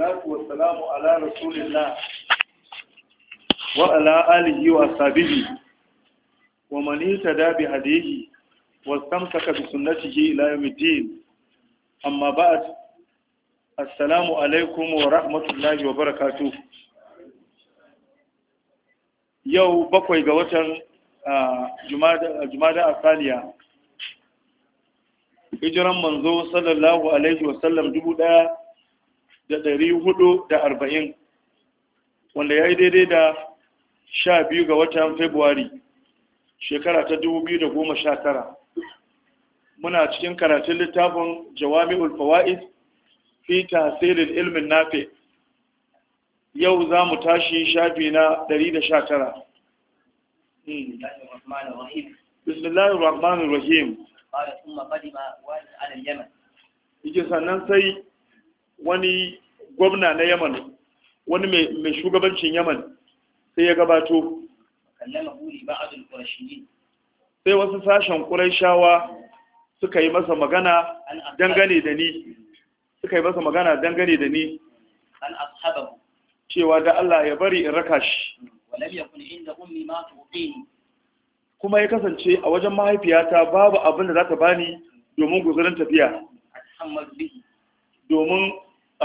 salatu wa salamu ala rasulillah wa ala alihi wa sabihi wa man yatada bi hadihi wa istamsaka bi sunnatihi ila yawmiddin amma ba'd assalamu wa rahmatullahi wa barakatuh yau bakwai ga watan uh, jumada asaliya manzo sallallahu alaihi wasallam dubu da ɗari hudu da arba'in wanda ya yi daidai da sha biyu ga watan februari shekara ta dubu biyu da goma sha tara muna cikin karatun littafin jawami fawa'id fi tasirin ilmin nafe. yau za mu tashi shafi na ɗari da sha tara bismillahir rahmanir rahim yake sannan sai wani gwamna na yaman wani mai shugabancin yaman sai ya gabato sai wasu sashen ƙuraishawa suka yi masa magana dangane da ni suka yi masa magana dangane da ni cewa da Allah ya bari in raka shi kuma ya kasance a wajen mahaifiyata babu abin da za ta bani domin guzurin tafiya domin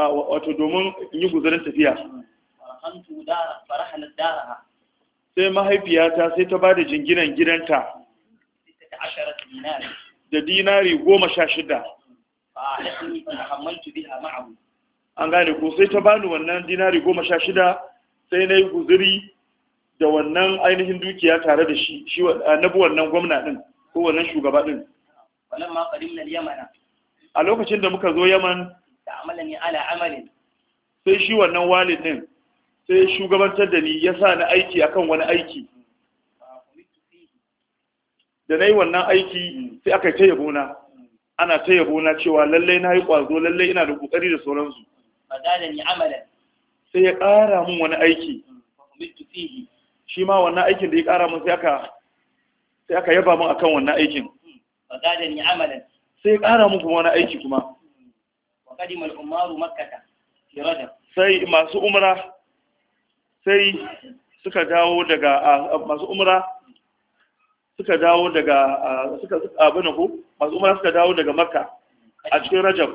wato domin in yi guzarin tafiya sai mahaifiyata sai ta ba da jinginan gidanta da dinari goma sha shida an gane ko sai ta bani wannan dinari goma sha shida sai na yi guziri da wannan ainihin dukiya tare da shi shi na bi wannan gwamna din ko wannan shugaba din a lokacin da muka zo yaman ta'amalani ala amalin sai shi wannan walid din sai shugabantar da ni ya sa ni aiki akan wani aiki da na yi wannan aiki sai aka ta yabo na ana ta yabo na cewa lallai na yi ƙwazo lallai ina da ƙoƙari da sauransu sai ya ƙara min wani aiki shi ma wannan aikin da ya ƙara min sai aka yaba min akan wannan aikin sai ya ƙara min kuma wani aiki kuma sai masu umra sai suka dawo daga masu umra suka dawo daga suka abin ku masu umra suka dawo daga makka a cikin rajab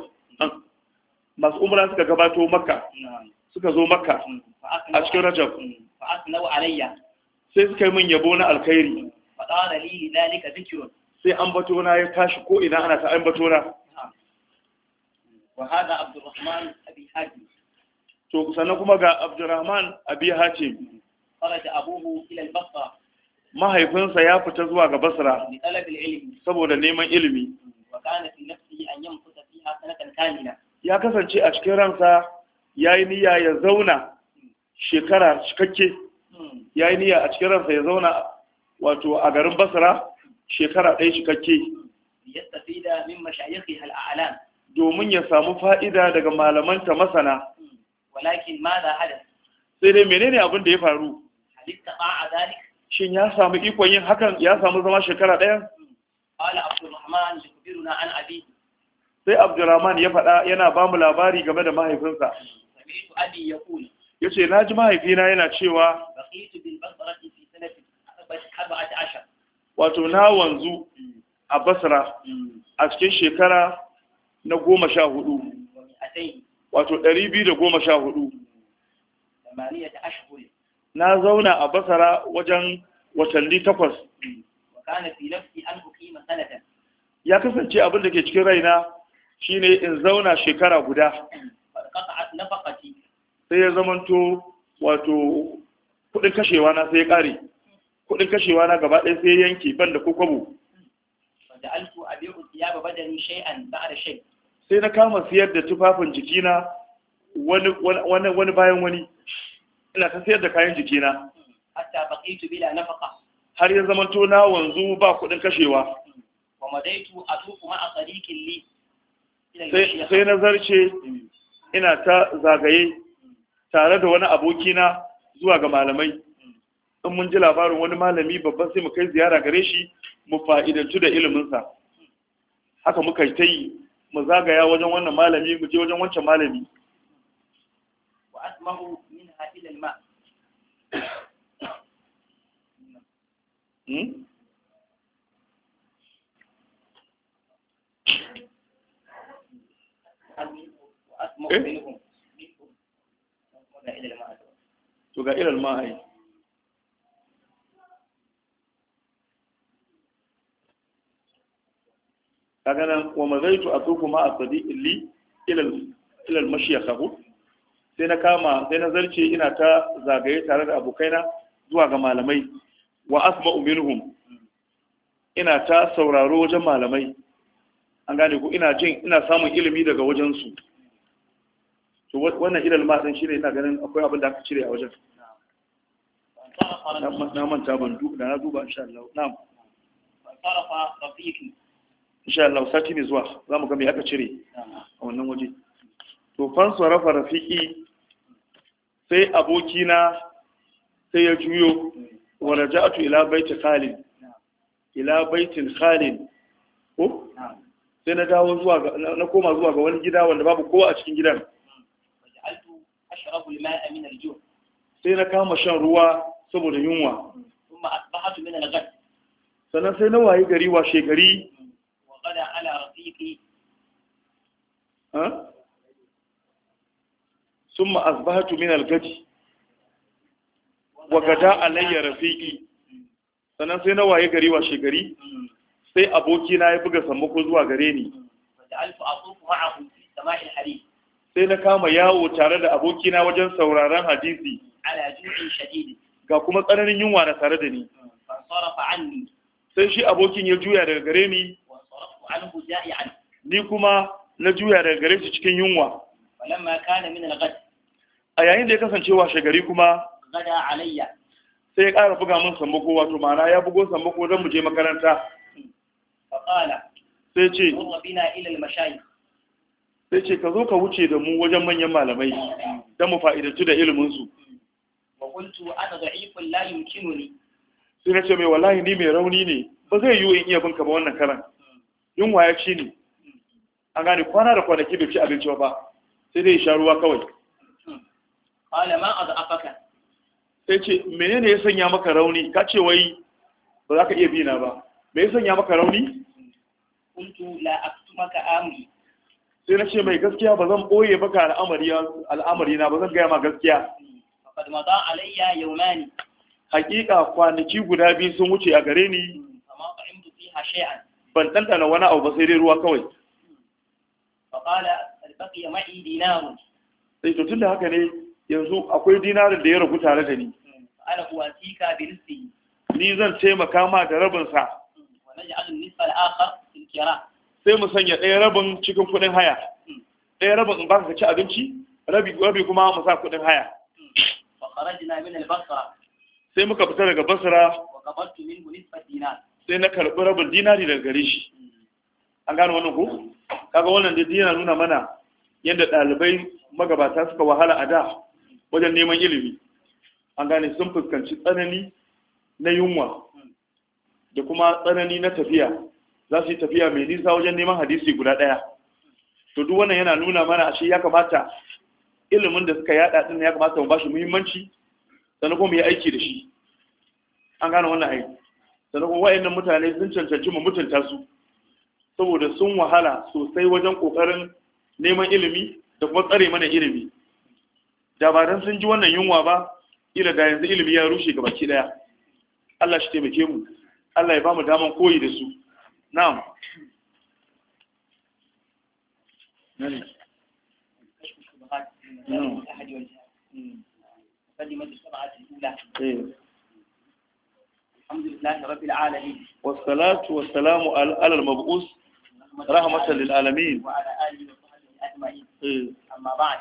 masu umra suka gabato makka suka zo makka mm, a cikin rajab mm, sai suka yi min yabo na alkhairi sai an bato na ya tashi ko ina ana ta an bato na wa hada abdurrahman abi hatim to sannan kuma ga abdurrahman abi hatim faraja abuhu ila al-basra mahaifinsa ya fita zuwa ga basra saboda neman ilimi wa kana fi nafsihi an yamkuta fiha sanatan kamila ya kasance a cikin ransa yayi niyya ya zauna shekara cikakke hmm. yayi niyya a cikin ransa ya zauna wato a garin basra shekara ɗaya cikakke yastafida min mashayikhi al domin ya samu fa'ida daga malamanta masana walakin ma da hada. sai dai menene abin da ya faru halitta ba a zalik shin ya samu ikon yin hakan ya samu zama shekara ɗaya da abdurrahman na an abi sai Abdulrahman ya faɗa yana ba mu labari game da mahaifinsa sami'tu abi yaqul yace ji mahaifina yana cewa baqitu bil basrati fi sanati 14 wato na wanzu a basra a cikin shekara na goma sha hudu wato ɗari biyu da goma sha hudu na zauna a basara wajen watanni takwas ya kasance abin da ke cikin raina shine in zauna shekara guda sai ya zamanto wato kudin kashewa na sai ya kare kudin kashewa na gaba ɗaya sai yanki ban da kokobo da alfu ya baba shay'an da shay sai na kama siyar da tufafin jikina wani bayan wani ina ta siyar da kayan jikina har ya zama na wanzu ba kudin kashewa sai na zarce ina ta zagaye tare da wani abokina zuwa ga malamai in mun ji labarin wani malami babban sai mu kai ziyara gare shi mu fa'idantu da iliminsa haka muka yi ta yi mu zagaya wajen wannan malami mu je wajen wancan malami wa asma'u min hadil hmm? eh? al-ma to ga ilal ma'ai kaga nan wa mazaitu ma asadiqin li ila ila mashiyaka ko sai na kama sai na zarce ina ta zagaye tare da abokaina zuwa ga malamai wa asma minhum ina ta sauraro wajen malamai an gane ko ina jin ina samun ilimi daga wajen su to wannan ilal ma din shine ina ganin akwai abin da aka cire a wajen na manta ban duba na duba insha Allah na'am insha Allah sati mai zuwa za mu ga me aka cire a wannan waje to fan sarrafa rafiki sai abokina sai ya juyo wa raja'atu ila baiti khalid ila baitin khalid ko sai na dawo zuwa na koma zuwa ga wani gida wanda babu kowa a cikin gidan sai na kama shan ruwa saboda yunwa sannan sai na waye gari washe gari summa asbahatu min al-gadi wa gada alayya rafiqi sannan sai na waye gari washe gari sai abokina ya buga sammako zuwa gare ni sai na kama yawo tare da abokina wajen sauraron hadisi ga kuma tsananin yunwa na tare da ni sai shi abokin ya juya daga gare ni ni kuma na juya daga gare shi cikin yunwa falamma kana min al a yayin da ya kasance washe gari kuma gada alayya sai ya ƙara buga min sambako wato ma'ana ya bugo sambako don mu je makaranta sai ce sai ce ka zo ka wuce da mu wajen manyan malamai don mu fa'idantu da iliminsu sai na ce mai wallahi ni mai rauni ne ba zai yiwu in iya binka ba wannan karan yunwa ya ci ne. an gani kwana da kwanaki bai ci abinci ba sai dai sha ruwa kawai sai ya sanya maka rauni me ya sanya maka rauni sai na ce mai gaskiya ba zan boye baka al'amari na ba zan gaya ma gaskiya faqad hakika kwanaki guda biyu sun wuce a gare ni ban ɗanɗana wani abu ba sai dai ruwa kawai faqala albaqiya sai to da haka ne yanzu akwai dinarin da ya ragu tare da ni ana wasika bi nisbi ni zan taimaka ma da rabin sa sai mu sanya ɗaya rabin cikin kuɗin haya hmm. ɗaya rabin in baka ka ci abinci rabi rabi kuma mu sa kuɗin haya hmm. sai muka fita daga basra sai na karɓi rabin dinari daga gare shi hmm. an gano wannan ko kaga wannan da dinar nuna mana yadda ɗalibai magabata suka wahala a da wajen neman ilimi an gane sun fuskanci tsanani na yunwa da kuma tsanani na tafiya za su yi tafiya mai nisa wajen neman hadisi guda ɗaya to duk wannan yana nuna mana ashe ya kamata ilimin da suka yada din ya kamata mu bashi muhimmanci sannan kuma mu yi aiki da shi an gane wannan aiki sannan kuma wayannan mutane sun cancanci mu mutunta su saboda sun wahala sosai wajen kokarin neman ilimi da kuma tsare mana ilimi da ba dan sun ji wannan yunwa ba ila da yanzu ilimi ya rushe ga baki daya Allah shi taimake mu Allah ya bamu daman koyi da su na'am الحمد والصلاة والسلام على المبعوث رحمة للعالمين وعلى آله وصحبه أجمعين أما بعد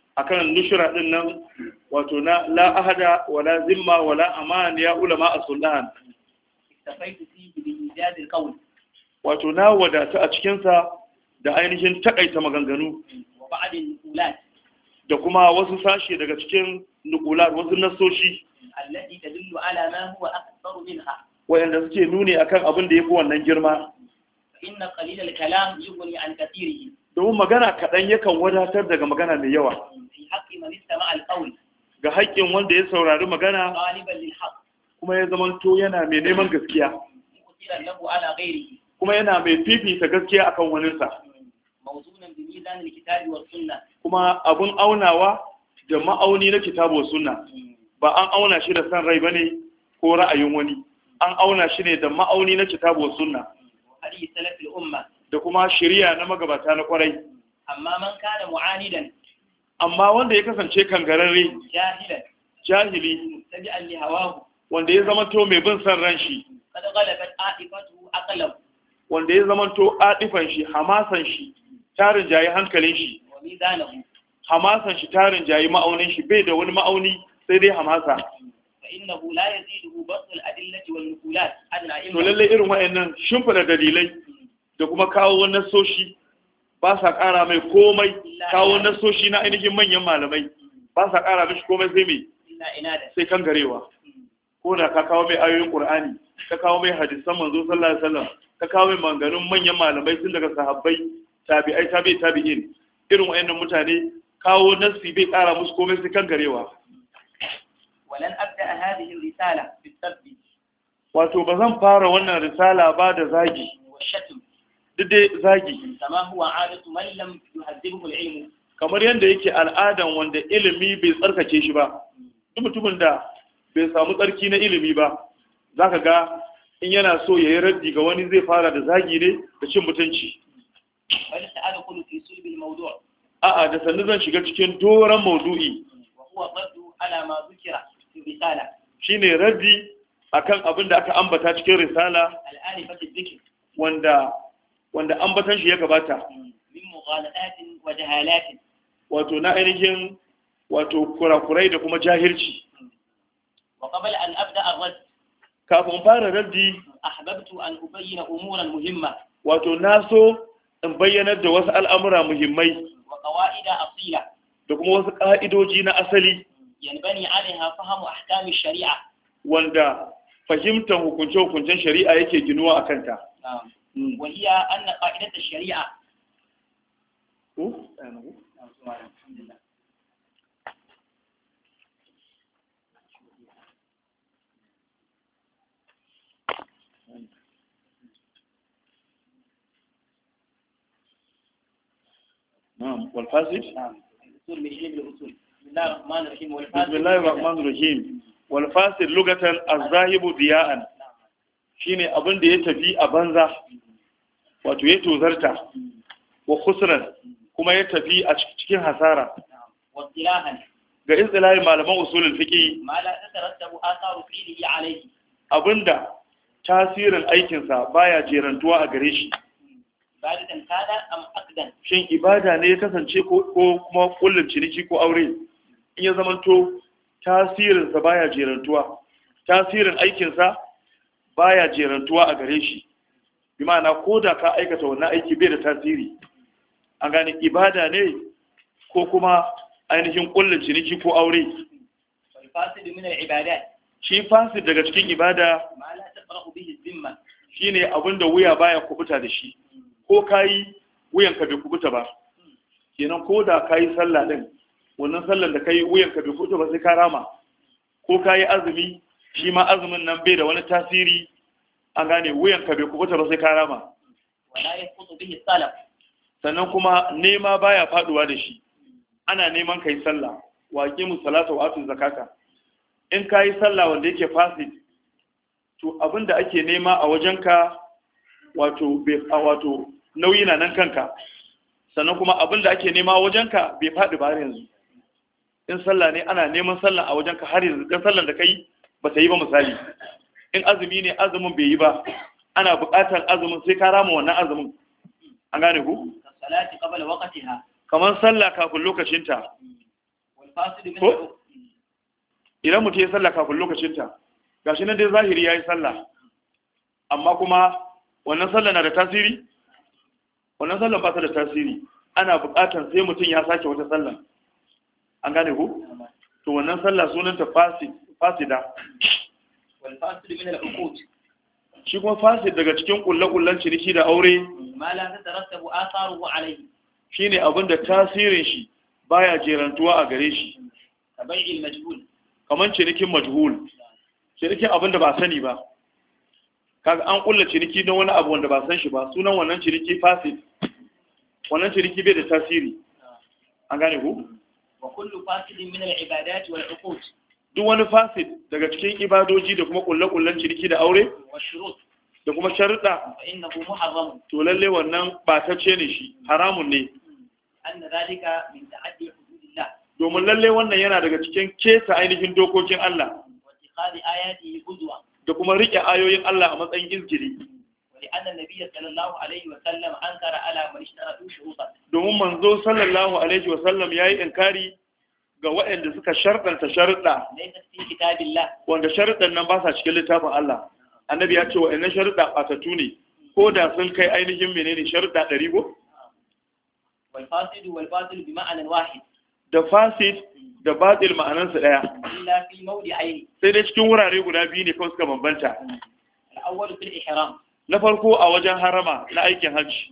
akan nushura din nan wato na la ahada wala zimma wala aman ya ulama as-sulhan wato na wadata a cikin sa da ainihin takaita maganganu da kuma wasu sashe daga cikin nukular wasu nasoshi allati tadullu ala ma huwa akthar minha wayanda suke nuni akan abin da yafi wannan girma inna qalilal kalam yughni an kathirihi domin magana kaɗan yakan wadatar daga magana mai yawa ga haƙƙin wanda ya saurari magana kuma ya zama to yana mai neman gaskiya kuma yana mai fifita gaskiya akan waninsa kuma abun aunawa da ma'auni na kitabu sunna ba an auna shi da san rai ba ne ko ra'ayin wani an auna shi ne da ma'auni na kitabu sunna da kuma shirya na magabata na kwarai amma man kana mu'anidan amma wanda ya kasance kangararre jahilan jahili hawahu wanda ya zama to mai bin san ran shi kada galabat aqlam wanda ya zama to adifan shi hamasan shi tarin jayi hankalin shi hamasan shi tarin jayi ma'aunin shi bai da wani ma'auni sai dai hamasa فإنه لا يزيده بسط الأدلة والنقولات أن أئمة ولله إرم وإن شنف dalilai da kuma kawo nasoshi ba sa ƙara mai komai kawo nasoshi na ainihin manyan malamai ba sa ƙara mishi komai sai mai sai kan garewa ko da ka kawo mai ayoyin ƙur'ani ka kawo mai hadisan manzo sallallahu alaihi wasallam ka kawo mai manganun manyan malamai tun daga sahabbai tabi'ai tabi'i tabi'in irin wayannan mutane kawo nasi bai ƙara musu komai sai kan garewa walan abda hadhihi risala bi wato bazan fara wannan risala ba da zagi dide zagi kamar yadda yake al'adan wanda ilimi bai tsarkake shi ba duk mutumin da bai samu tsarki na ilimi ba zaka ga in yana so ya yi raddi ga wani zai fara da zagi ne da cin mutunci a'a da sannu zan shiga cikin doran maudu'i wa shine raddi akan abin da aka ambata cikin risala wanda wanda ambatan shi ya gabata min mughalatin wa wato na ainihin wato kurakurai da kuma jahilci an kafin fara raddi ahbabtu an umuran muhimma wato na so in bayyanar da wasu al'amura muhimmai wa da kuma wasu ƙa'idoji na asali yanbani shari'a wanda fahimtar hukunce-hukuncen shari'a yake ginuwa a kanta وهي أن قاعدة الشريعة نعم والفاسد نعم من بسم الله الرحمن الرحيم والفاسد بسم الله الرحمن الرحيم والفاسد لغة الذاهب ضياء shine abin da ya tafi a banza wato ya tozarta wa khusran kuma ya tafi a cikin hasara ga istilahin malaman usulul fiqi abinda tasirin aikinsa baya jerantuwa a gare shi shin ibada ne ya kasance ko kuma kullun ciniki ko aure in ya zamanto tasirinsa baya jerantuwa tasirin aikinsa baya jerantuwa a gare shi bi ma'ana ko da ka aikata wannan aiki bai da tasiri an gane ibada ne ko kuma ainihin kullun ciniki ko aure shi fasid daga cikin ibada shine abinda wuya baya kubuta da shi ko ka kayi wuyanka bai kubuta ba kenan ko da ka yi sallah din wannan sallar da ka kayi wuyanka bai kubuta ba sai ka rama ko yi azumi shi ma azumin nan bai da wani tasiri an gane wuyan ka bai kubuta ba sai ka rama sannan kuma nema baya faduwa da shi ana neman ka yi sallah wa mu salata wa atun zakata in ka yi sallah wanda yake fasid to abinda ake nema a wajenka wato bai wato nauyi na nan kanka sannan kuma abinda ake nema a wajenka bai fadi ba yanzu in sallah ne ana neman sallah a wajenka har yanzu dan sallan da kai ba ta yi ba misali in azumi ne azumin bai yi ba ana buƙatar azumin sai ka rama wannan azumin an gane ku Kamar sallah kafin lokacinta ko idan mutum ya sallah kafin lokacinta gashi nan dai zahiri ya yi sallah amma kuma wannan sallah na da tasiri wannan sallah ba ta da tasiri ana buƙatar sai mutum ya sake wata sallah an gane ku to wannan sallah sunanta fasida wal fasil min shi kuma fasid daga cikin kullakullan ciniki da aure ma la tatarattabu atharuhu alayhi shine abinda tasirin shi baya jerantuwa a gare shi tabai'il majhul kaman cinikin majhul cinikin abinda ba sani ba kaga an kulla ciniki don wani abu wanda ba san shi ba sunan wannan ciniki fasid. wannan ciniki bai da tasiri ah. an gane ku wa kullu fasilin min al ibadat wal uqud duk wani fasid daga cikin ibadoji da kuma kullakullan ciniki da aure da kuma sharuɗa to lalle wannan batacce ne shi haramun ne hmm. domin lalle wannan yana daga cikin kesa ainihin dokokin Allah da kuma riƙe ayoyin Allah a matsayin izgiri domin manzo sallallahu alaihi wasallam ya yi inkari ga waɗanda suka sharɗanta sharuɗa wanda sharuɗan nan ba sa cikin littafin Allah annabi ya ce waɗannan sharuɗa ɓatattu ne ko da sun kai ainihin menene sharuɗa ɗari ko? da fasid da batil ma'anansu ɗaya sai dai cikin wurare guda biyu ne kawai suka bambanta na farko a wajen harama na aikin hajji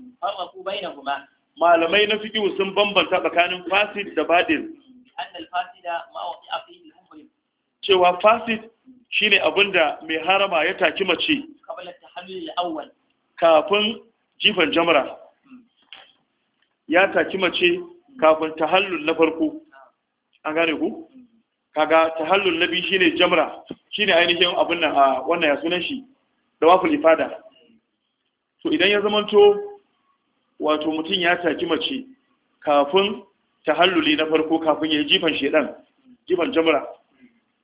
malamai na fiƙi sun bambanta tsakanin fasid da batil annal fasida ma'awqi'a fihi abin da cewa fasid shine abinda mai harama ya taki mace kafin jifan jamra ya taki mace kafin tahallul na farko an gane ku kaga tahallul na biyu shine jamra shine ainihin abin nan a wannan ya sunan shi da waful ifada to idan ya zamanto wato mutum ya taki mace kafin tahalluli na farko kafin ya yi jifan shedan jifan jamra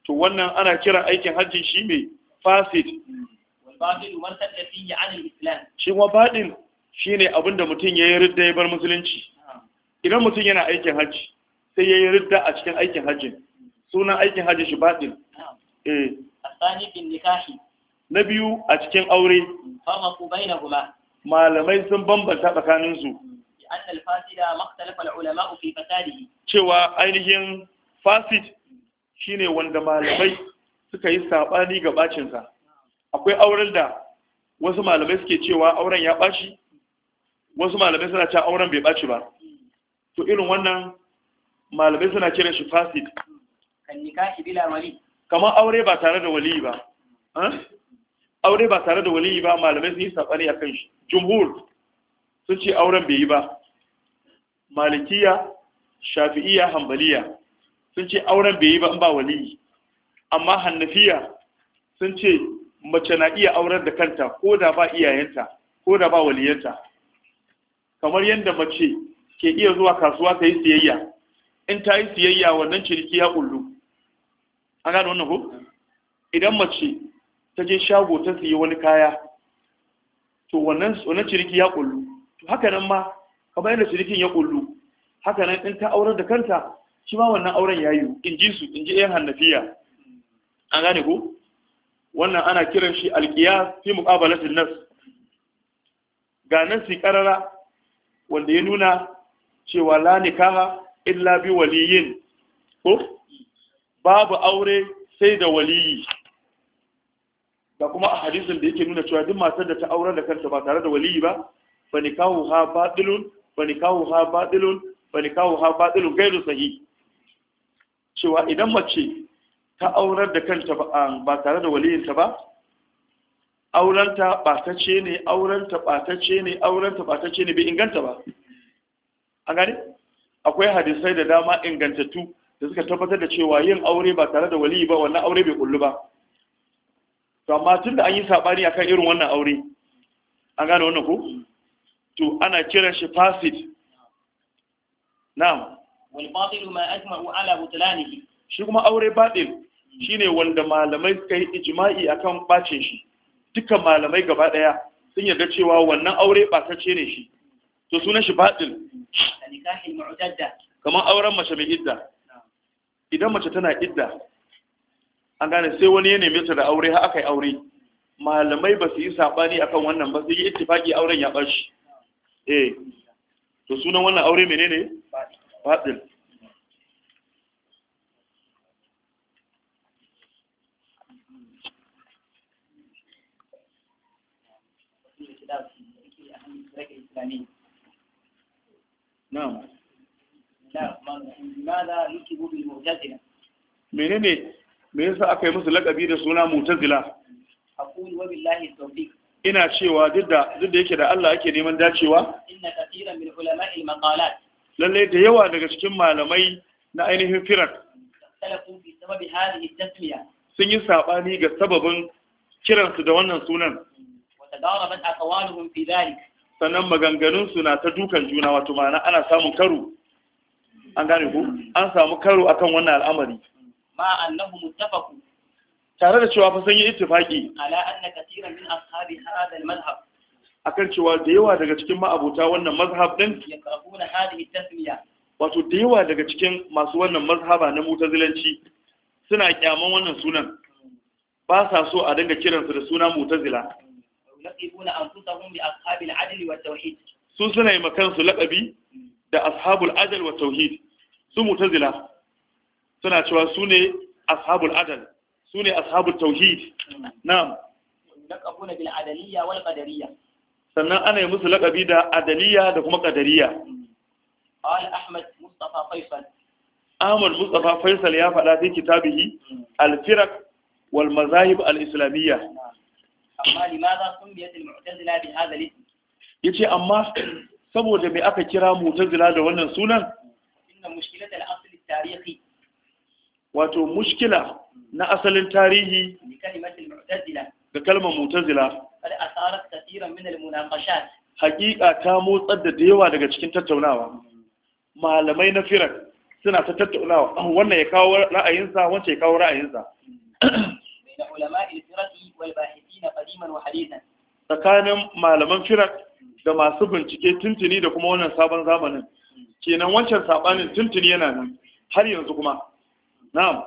to wannan ana kira aikin hajjin shi mai fasid shi wa baɗin shi ne abinda mutum ya yi ridda ya bar musulunci idan mutum yana aikin hajji sai ya yi ridda a cikin aikin hajjin sunan aikin hajji shi baɗin eh. na biyu a cikin aure malamai sun bambanta tsakaninsu cewa ainihin fasid ne wanda malamai suka yi saɓani ga bacin akwai auren da wasu malamai suke cewa auren ya ɓaci, wasu malamai suna cewa auren bai ɓaci ba to irin wannan malamai suna kiran shi fasid kamar aure ba tare da wali ba aure ba tare da wali ba malamai sun yi sabani akan shi jumhur sun ce auren bai yi ba malikiya shafi'iya hambaliya sun ce auren bai yi ba in ba waliyi amma hannafiya sun ce mace na iya auren da kanta ko da ba iyayenta ko da ba waliyanta kamar yadda mace ke iya zuwa kasuwa ta yi siyayya in ta yi siyayya wannan ciniki ya kullu an gano wannan ko idan mace ta je shago ta siya wani kaya to wannan ciniki ya kullu to haka nan ma kamar yadda shirikin ya kullu haka nan in ta aurar da kanta shi ma wannan auren ya yi in ji su in ji yan hannafiya an gane ku? wannan ana kiran shi alkiya fi muqabalatin nas ga nan si karara wanda ya nuna cewa la nikaha illa bi waliyin ko babu aure sai da waliyi da kuma a hadisin da yake nuna cewa duk matar da ta aurar da kanta ba tare da waliyi ba fa nikahu ha batilun fa nikahu gairu sahih cewa idan mace ta aurar da kanta ba ah, tare da waliyinta ba aurenta ɓatacce ne aurenta ɓatacce ne aurenta ɓatacce ne bai inganta ba a gani akwai hadisai da dama ingantattu da suka tabbatar da cewa yin aure ba tare da waliyi ba wannan aure bai kullu ba to amma tun da an yi saɓani akan irin wannan aure an gane wannan ko to ana kiran shi fasid na'am wal batil ma ajma'u ala butlanihi shi kuma aure batil shine wanda malamai suka yi ijma'i akan bacin shi dukkan malamai gaba daya sun yarda cewa wannan aure batacce ne shi to sunan shi batil kamar auren mace mai idda idan mace tana idda an gane sai wani ya neme ta da aure har aka yi aure malamai ba su yi sabani akan wannan ba sai yi ittifaki auren ya bar shi eh to sunan wannan aure menene fadil na'am menene me yasa aka yi musu lakabi da suna mutazila aqulu wa billahi tawfiq ina cewa duk da yake da Allah ake neman dacewa inna min lalle da yawa daga cikin malamai na ainihin firar sun yi saɓani ga sababin kiransu da wannan sunan sannan maganganunsu na ta dukan juna wato ma'ana ana samun karo an gane ku an samu karo akan wannan al'amari Ma'an annahu muttafaqu tare da cewa fa yi ittifaki ala kan katiran min cewa da yawa daga cikin ma'abota wannan mazhab din wato da yawa daga cikin masu wannan mazhaba na zilanci suna kyaman wannan sunan ba sa so a dinga kiransu da suna mutar zila su suna yi makansu laƙabi da ashabul adal wa tauhid su zila suna cewa su ne ashabul adal su ne ashabul tauhid na'am laqabuna bil adaliyya wal qadariyya sannan ana yi musu laqabi da adaliyya da kuma qadariyya qala ahmad mustafa faisal ahmad mustafa faisal ya faɗa cikin kitabihi hmm. al firaq wal mazahib al islamiyya amma limadha summiyat al mu'tazila bi hadha al ism yace amma saboda me aka kira mu'tazila da wannan sunan inna mushkilat al asl al tarihi wato mushkila na asalin tarihi da kalmar mutazila haƙiƙa ta motsar da yawa daga cikin tattaunawa malamai na firar suna ta tattaunawa wannan ya kawo ra'ayinsa wancan ya kawo ra'ayinsa tsakanin malaman firar da masu bincike tuntuni da kuma wannan sabon zamanin kenan wancan saɓanin tuntuni yana nan har yanzu kuma na'am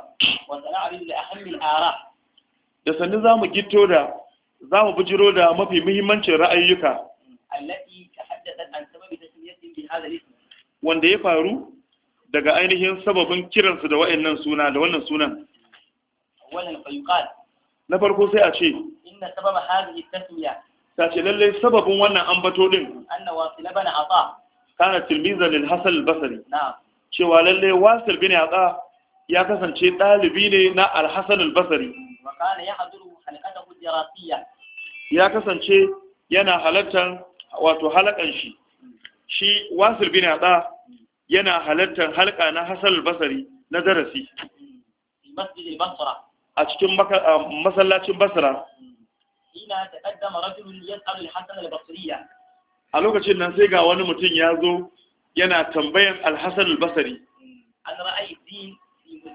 wa sana'rid li ahammi al-ara da sannu zamu gitto da zamu bujiro da mafi muhimmancin ra'ayyuka ka tahaddathat an sababi da bi hadha al-ism wanda ya faru daga ainihin sababin kiransu da wa'annan suna da wannan sunan wannan fayuqal na farko sai a ce inna sababa hadhihi tasmiya ta ce lalle sababin wannan ambato din anna wasila bana ata kana tilmiza lil hasan al basri na'am cewa lalle wasil bin ata ya kasance ɗalibi ne na alhassan albasari ya kasance yana halartar wato halakan shi shi wasil bin haɗa yana halartar halka na hassan albasari na darasi a cikin masallacin basra a lokacin nan sai ga wani mutum ya zo yana tambayan alhassan albasari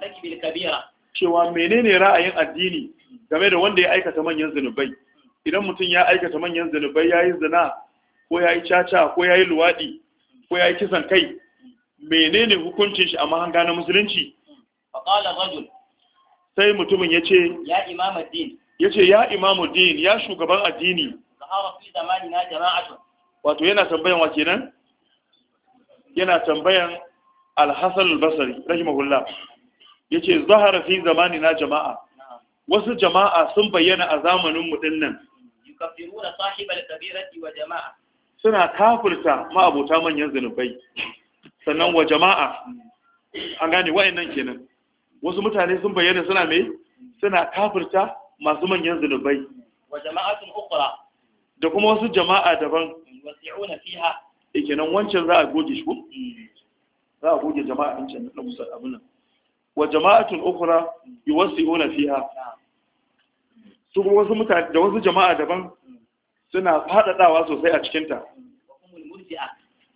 murtakibil kabira cewa menene ra'ayin addini game da wanda ya aikata manyan zunubai idan mutum ya aikata manyan zunubai yayi zina ko yayi caca ko yayi luwadi ko yayi kisan kai menene hukuncin shi a mahanga na musulunci faqala rajul sai mutumin yace ya imam addin yace ya imam din ya shugaban addini zahara fi zamanina jama'atu wato yana tambayan wa kenan yana tambayan al-hasan al-basri rahimahullah yace zahara fi na jama'a wasu jama'a sun bayyana a zamanin mu dinnan yukaffiruna wa jama'a suna kafirta abota manyan zunubai sannan wa jama'a an gane wayannan kenan wasu mutane sun bayyana suna mai suna kafirta masu manyan zunubai wa jama'atun ukhra da kuma wasu jama'a daban wasi'una fiha kenan wancan za a goge shi mm. za a goge jama'a din can na musa abunan wa jama'atun ukhra yuwasi'una fiha su kuma wasu mutane da wasu jama'a daban suna fadadawa sosai a cikin ta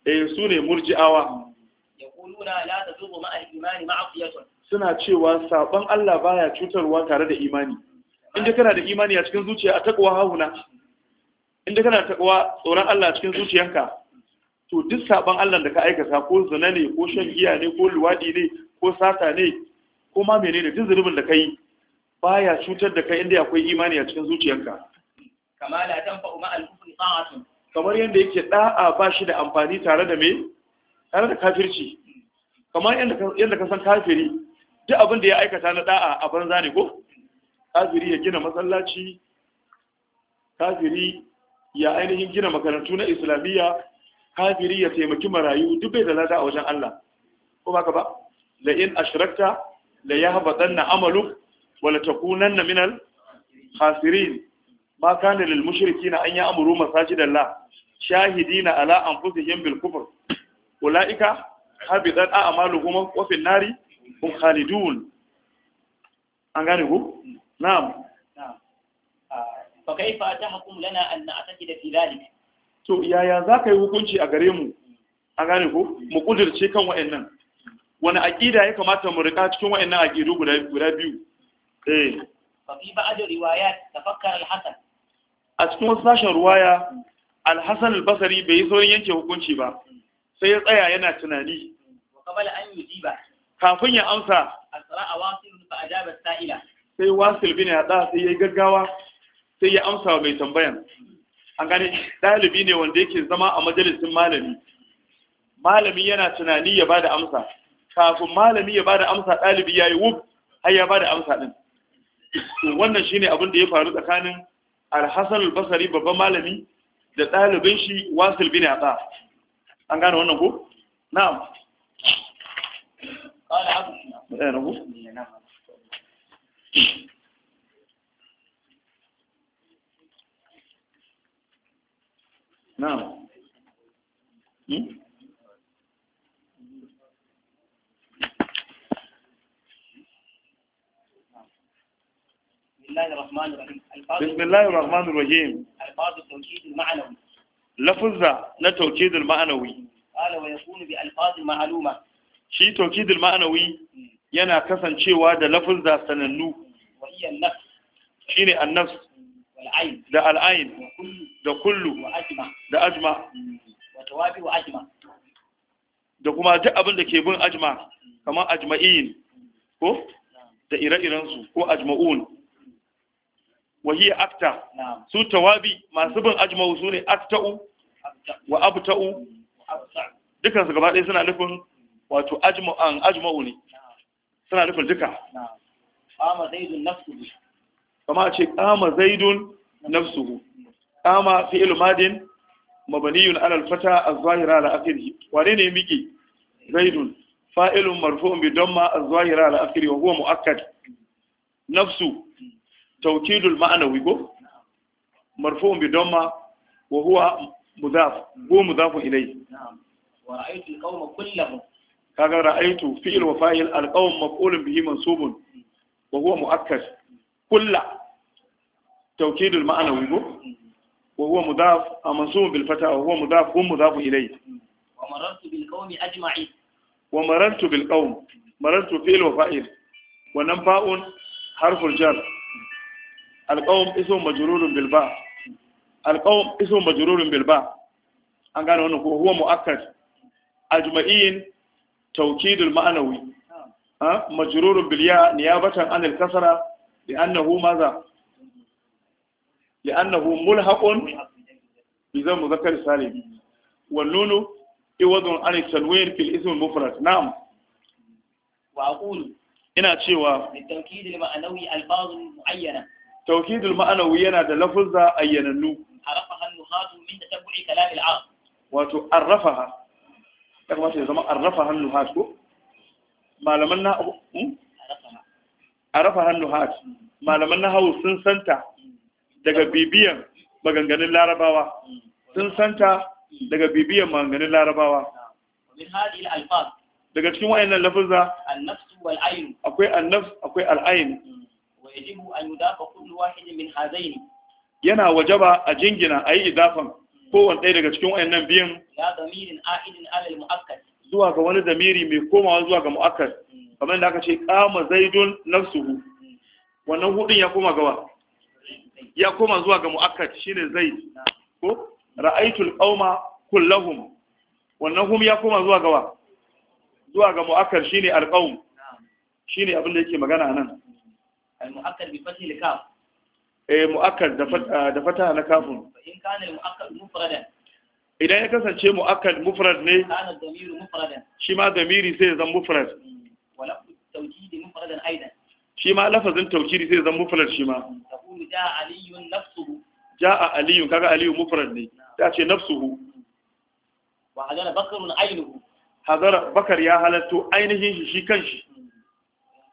eh su ne murji'awa yaquluna la ma'a imani suna cewa sabon Allah baya cutarwa tare da imani inda kana da imani a cikin zuciya a takwa hauna inda kana takwa tsoron Allah a cikin zuciyanka to duk sabon Allah da ka aikata ko zina ne ko shan giya ne ko luwadi ne ko sata ne ko ma menene duk zunubin da kai baya cutar da kai inda akwai imani a cikin zuciyarka kama la tanfa'u al kufri ta'atun kamar yanda yake da'a ba shi da amfani tare da me tare da kafirci kamar yanda ka san kafiri duk abin da ya aikata na da'a a banza ne ko kafiri ya gina masallaci kafiri ya ainihin gina makarantu na islamiyya kafiri ya taimaki marayu duk bai da lada a wajen Allah ko baka ba la in ashrakta la yahbatanna amaluk wa la takunanna minal khasirin ma kana lil mushrikina an ya'muru masajidallah shahidina ala anfusihim bil kufr ulaika habitat a'maluhum wa fil nari hum khalidun an gane ku na'am fa kaifa tahkum lana an na'taqida fi dhalik to yaya ka yi hukunci a gare mu an gane ku mu kudirce kan wa'annan wani aƙida ya kamata mu rika cikin wayannan aƙidu guda biyu eh fi ba'd riwayat tafakkar al-hasan a cikin wasu sashen ruwaya al-hasan al-basri bai yi saurin yanke hukunci ba sai ya tsaya yana tunani qabala an yujiba kafin ya amsa asra'a wasil fa ajaba as-sa'ila sai wasil bin ya da sai yayi gaggawa sai ya amsa mai tambayan an gane dalibi ne wanda yake zama a majalisin malami malami yana tunani ya bada amsa kafin malami ya bada amsa ɗalibi ya yi wuf har ya bada amsa to wannan shine abin da ya faru tsakanin alhassan basri babban malami da dalibin shi wasil bin Aqa an gane wannan ko na'am na'am hmm? الله الرحمن بسم الله الرحمن الرحيم الفاظ التوكيد المعنوي لفظة لتوكيد المعنوي قال ويكون بألفاظ معلومة شي توكيد المعنوي yana kasancewa da lafuz da sanannu shi ne annafs da al'ain da kullu da ajma da kuma duk abinda ke bin ajma kamar ajma'in ko da ire-irensu ko ajma'un wahiya akta su tawabi masu bin ajma'u su ne akta'u wa abta'u dukan gaba ɗaya suna nufin wato ajma'an ajma'u ne suna nufin duka kama zaidun nafsuhu kama ce kama zaidun nafsuhu مبني على الفتى الظاهرة على آخره ولين يميكي زيد فائل مرفوع بضمة الظاهرة على آخره وهو مؤكد نفسه tawkidul ma'anawi ko marfu'un bi damma wa huwa mudaf ko mudafun ilayhi na'am wa ra'aytu al-qawma kullahum wa fa'il al-qawm maf'ulun bihi mansubun wa huwa mu'akkad kullu tawkidul ma'anawi ko wa huwa mudaf mansubun bil fata wa huwa mudaf hum mudafun ilayhi wa marartu bil qawmi ajma'in wa marartu bil qawm marartu fi'il wa fa'il wa nan fa'un harful jar alqawm iso majrurun Bilba, ba alqawm ismun majrurun an gane wannan huwa muakkad ajma'in ma'anawi bil ya niyabatan an al kasra li'annahu madha mulhaqun bi zam mudhakkar salim wa nunu iwadun an tanwin fil ism mufrad na'am wa aqulu ina cewa bi ma'anawi muayyana tauhidul ma'anawi yana da lafuzza ayyanannu arafa hannu hadu min tatabbu'i kalamil am ya zama arrafa hannu hadu ko malaman hmm? hannu hadu malaman na sun santa daga bibiyan maganganun larabawa sun santa daga bibiyan maganganun larabawa daga cikin wayannan lafuzza akwai an akwai al ويجب أن يضاف كل واحد من هذين yana wajaba a jingina a yi idafan kowane ɗaya daga cikin wayannan biyun zuwa ga wani zamiri mai komawa zuwa ga mu'akkad mm. kamar da aka ce kama zaidun nafsuhu mm. wannan hudun ya koma gawa ya koma zuwa ga mu'akkad shine zaid ko ra'aitul qauma kullahum wannan hum ya koma zuwa gawa zuwa ga mu'akkad shine alqaum shine abin da yake magana nan المؤكد بفتح الكاف eh mu'akkad da hmm. fata na kafin in kana mu'akkad mufradan idan ya kasance mu'akkad mufrad ne kana damiru mufradan shi ma damiri sai zan mufrad wala tawkidi mufradan aidan shi ma lafazin tawkidi sai zan mufrad shi ma taqulu hmm. jaa aliyun nafsuhu jaa aliyun kaga aliyu mufrad ne ta ce nafsuhu hmm. wa hadara bakrun ainuhu hadara bakar ya halatto ainihin shi shi kanshi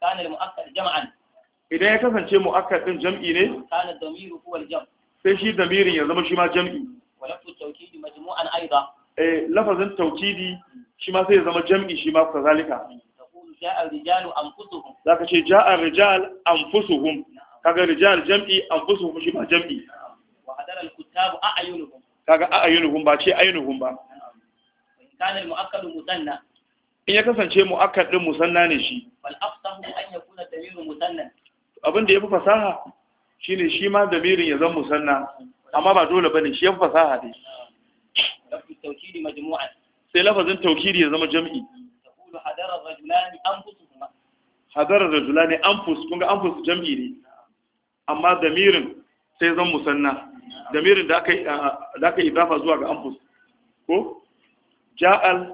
kana mu'akkad jama'an idan ya kasance mu'akkad din jam'i ne jam sai shi damirin ya zama shi ma jam'i wa eh lafazin tawkidi shi ma sai ya zama jam'i shi ma Za ka ce ja'ar rijal anfusuhum kaga rijal jam'i anfusuhum shi ma jam'i wa hadara al kaga ba ce ayunuhum ba in ya kasance mu'akkad din musanna ne shi wal afsahu an yakuna Abinda ya fi fasaha shi ne shi ma damirin ya zan musanna amma ba dole ba ne, shi ya fi fasaha ne sai lafazin taukiri ya zama jam'i hadarar an fusu kunga an fusu jam'i ne amma damirin sai zan musanna damirin da aka dafa zuwa ga an fusu ko ja'al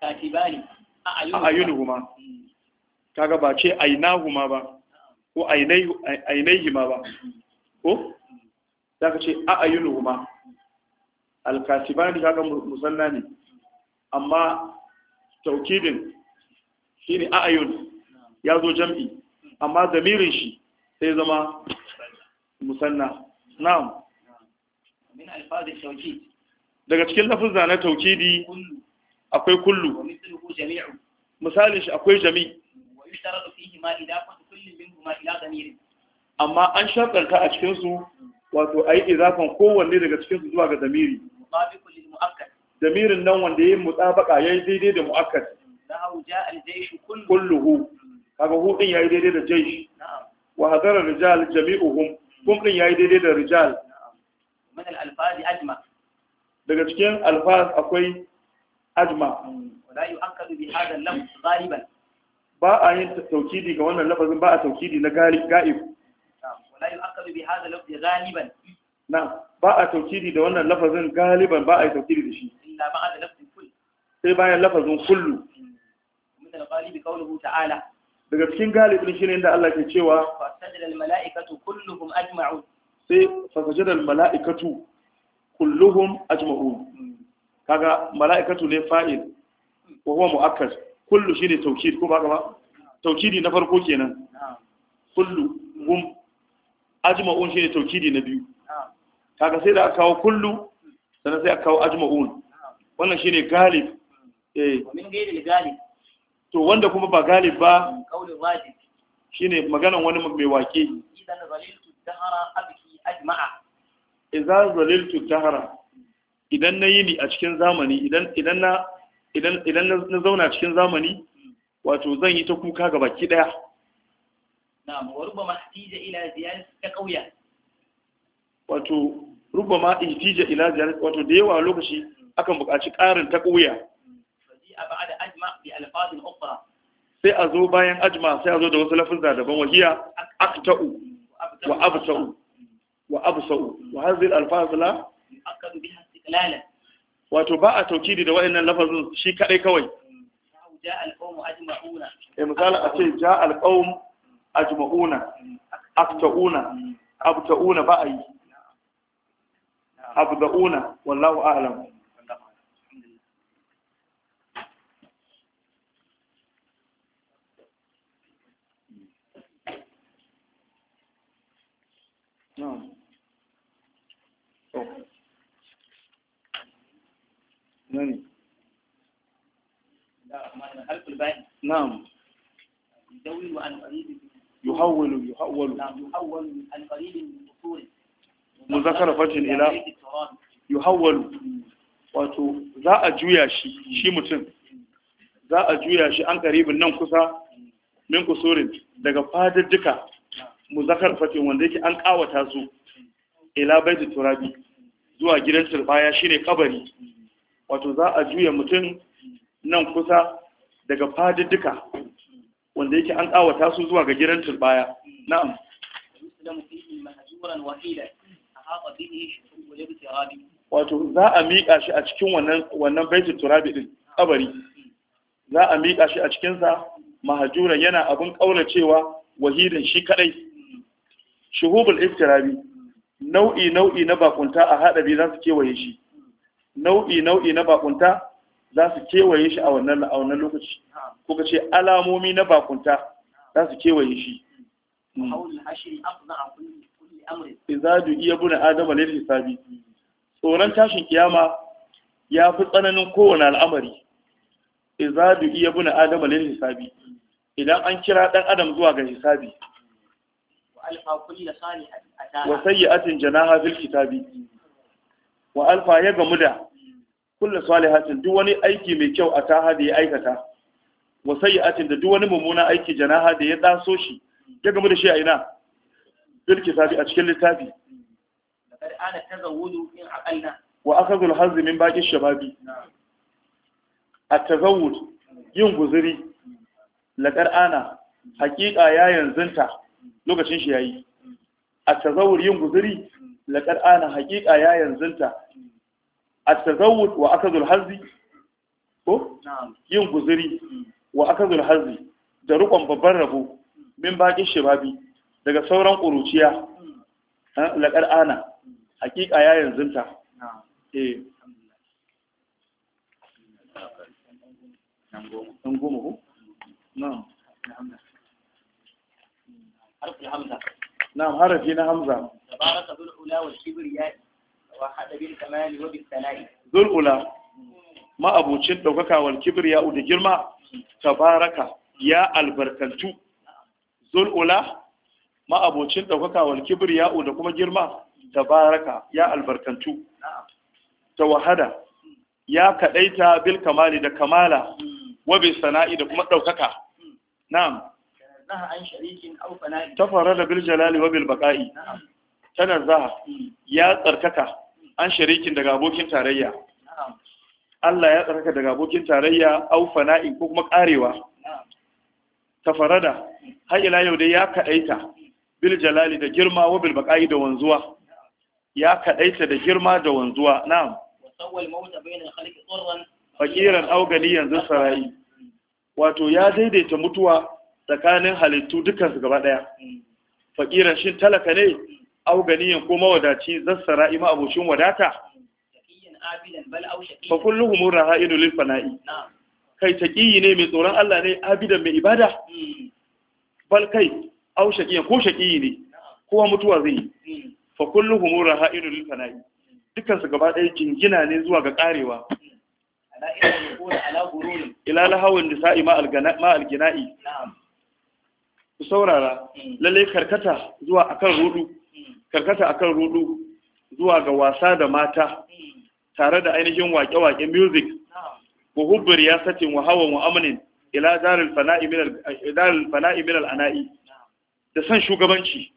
katibani a ayunuhuma kaga ba ce huma ba ko ainihi ma ba ko za ka ce a ayyunu ma alkatibani kaga musamman ne amma taukidin shi ne a ayyun ya zo jam'i amma zamirin shi sai zama musanna na'am daga cikin lafuzza zane taukidi akwai kullu misalin shi akwai jami'i. yushtaratu fihi ma kullin ila damirin amma an shakarta a cikin su wato ayi idafan kowanne daga cikin su zuwa ga damiri mutabiqu muakkad damirin nan wanda yayin yi yayi daidai da muakkad nahu jaa al jaysh kulluhu kaga hu din yayi daidai da jaysh wa hadara rijal jami'uhum kun din yayi daidai da rijal min al alfaz ajma daga cikin alfaz akwai ajma wala yu'akkadu bi hadha al lafz ghaliban ba a yin taukidi ga wannan lafazin ba a taukidi na ga'ib na ba a taukidi da wannan lafazin galiban ba a yi taukidi da shi sai bayan lafazin kullu hmm. daga cikin galibin shi ne inda Allah ke cewa sai da mala'ikatu kulluhun ajma'un hmm. kaga mala'ikatu ne fa'il wa huwa mu'akkad kullu ne taukid ko ba taukidi na farko kenan kullu hum ajma'un shine taukidi na biyu kaga sai da aka kawo kullu sannan sai aka kawo ajma'un wannan shi ne eh. galib to wanda kuma ba galib ba shi ne maganan wani mai wake idan na yi idan ni a cikin zamani idan na idan na zauna cikin zamani wato zan yi ta kuka ga baki daya na'am wa rubama ihtija ila ziyarat ta kauya wato rubama ihtija ila ziyarat wato da yawa lokaci akan buƙaci ƙarin ta kauya sai a zo bayan ajma sai a zo da wasu lafuzza daban wahiya akta'u wa abta'u wa absa'u wa hadhihi al-alfaz la akadu biha istiqlalan wato ba a taukidi da waɗannan lafazin shi kaɗai kawai ya eh, misali a ce ja alƙawun ajma'una afta'una abta'una ba a yi abda'una wallahu a'lam nani na'am يحول عن قريب يحول يحول نعم يحول عن قريب من مذكر فجر الى yuhawwalu wato za a juya shi shi mutum za a juya shi an karibin nan kusa min kusurin daga fadajjika muzakar fatin wanda yake an kawata su ila baiti turabi zuwa gidan turbaya shine kabari wato za a juya mutum nan kusa daga duka wanda yake an ƙawata su zuwa ga gidan turbaya na'am wato za a miƙa shi a cikin wannan wannan baitul turabi din kabari za a miƙa shi a cikinsa sa mahajuran yana abun ƙaunacewa wahidin shi kadai shuhubul iftirabi nau'i nau'i na bakunta a haɗari za su kewaye shi nau'i nau'i na bakunta za su kewaye shi a wannan a wannan lokaci kuka ce alamomi na bakunta za su kewaye shi idza iya buna adama lil hisabi tsoron tashin kiyama ya fi tsananin kowane al'amari idza iya buna adama lil hisabi idan an kira dan adam zuwa ga hisabi wa sayyi'atin janaha fil kitabi wa alfa ya gamu da kullu salihatin duk wani aiki mai kyau a taha da ya aikata wa sayyi'atin da duk wani mummuna aiki janaha da ya taso shi ya gamu da shi a ina dirki kitabi a cikin littafi ana tazawudu in aqalna wa akhadhu al-hazz min baqi shababi at-tazawud yin guzuri laqar ana haƙiƙa ya yanzunta lokacin shi yayi a tazawur yin guzuri laƙar ana haƙiƙa ya yanzunta a tazawud wa aka zulhazi ko yin guziri wa aka da rukon babban rabo min baƙin shibabi daga sauran ƙuruciya laƙar ana haƙiƙa ya yanzunta eh goma na'am نعم حرفي نا همزة تبارك ذو الأولى والكبرياء وحد بالكمال وبالثناء ذو الأولى ما أبو تشد دوكك والكبرياء دجرما تبارك يا البركنتو ذو الأولى ما أبو تشد دوكك والكبرياء دكما جرما تبارك يا البركنتو توحد يا كديتا بالكمال دكمالا وبالثناء دكما دوكك نعم tanazzaha an sharikin aw fana'i tafarrada bil jalali wa bil baqa'i ya tsarkaka an sharikin daga abokin tarayya Allah ya tsarkaka daga abokin tarayya au fana'i ko kuma karewa tafarrada har ila yau dai ya kadaita bil jalali da girma wa bil baqa'i da wanzuwa ya kadaita da girma da wanzuwa na'am wasawwal mauta bainal khaliq turran fakiran aw ganiyan zasarai wato ya daidaita mutuwa tsakanin halittu dukkan su gaba daya fakiran shin talaka ne au ganiyin ko mawadaci zassara ima abocin wadata fa kulluhum raha'inu lil fana'i kai taqiyi ne mai tsoron Allah ne abidan mai ibada hmm. bal kai au shaqiyan ko shaqiyi ne kowa mutuwa zai hmm. fa kulluhum raha'inu lil fana'i dukkan su gaba daya jingina ne zuwa ga karewa hmm. ila lahawin nisa'i ma al-gina'i ku saurara lalle karkata zuwa akan rudu karkata akan rudu zuwa ga wasa da mata tare da ainihin wake-wake music wa hubbir ya satin wa hawan wa aminin ila darul fana'i min al-ana'i da san shugabanci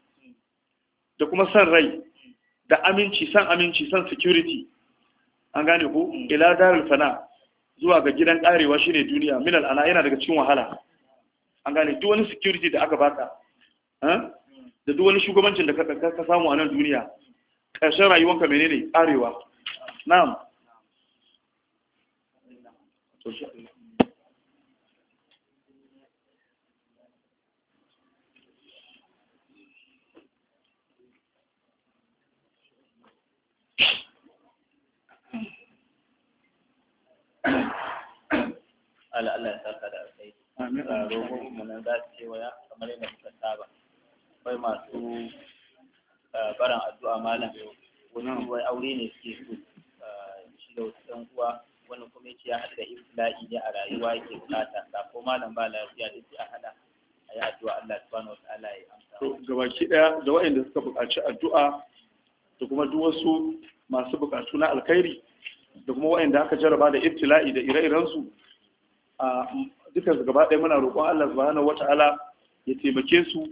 da kuma san rai da aminci san aminci san security an gane ku ila darul fana zuwa ga gidan karewa shine duniya min al yana daga cikin wahala an gane duk wani security da aka baka eh, da duk wani shugabancin da ka samu a nan duniya ƙarshen rayuwanka ne arewa na'am Allah Allah ya saka da rogon mu nan za su waya kamar yadda muka saba akwai masu eh, baran addu'a malam wani wai aure ne suke so eh, shi da wasu ɗan uwa wani kuma yake ya haɗa da ibtila'i ne a rayuwa yake bukata sako malam ba lafiya da a haɗa a yi addu'a Allah subhanahu wataala ya amsa to gabaki ɗaya da waɗanda suka buƙaci addu'a da kuma duk wasu masu buƙatu na alkhairi da kuma waɗanda aka jaraba da ibtila'i da ire-irensu ah, dukkan su gaba ɗaya muna roƙon Allah subhanahu wata'ala ya taimake su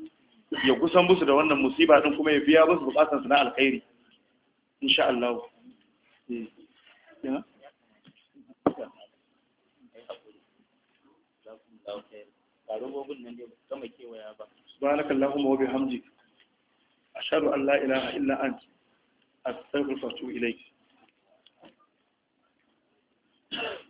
ya kusan musu da wannan musiba din kuma ya biya musu bukatun su na alkhairi insha Allah سبحانك اللهم وبحمدك أشهد أن لا إله إلا أنت أستغفرك وأتوب إليك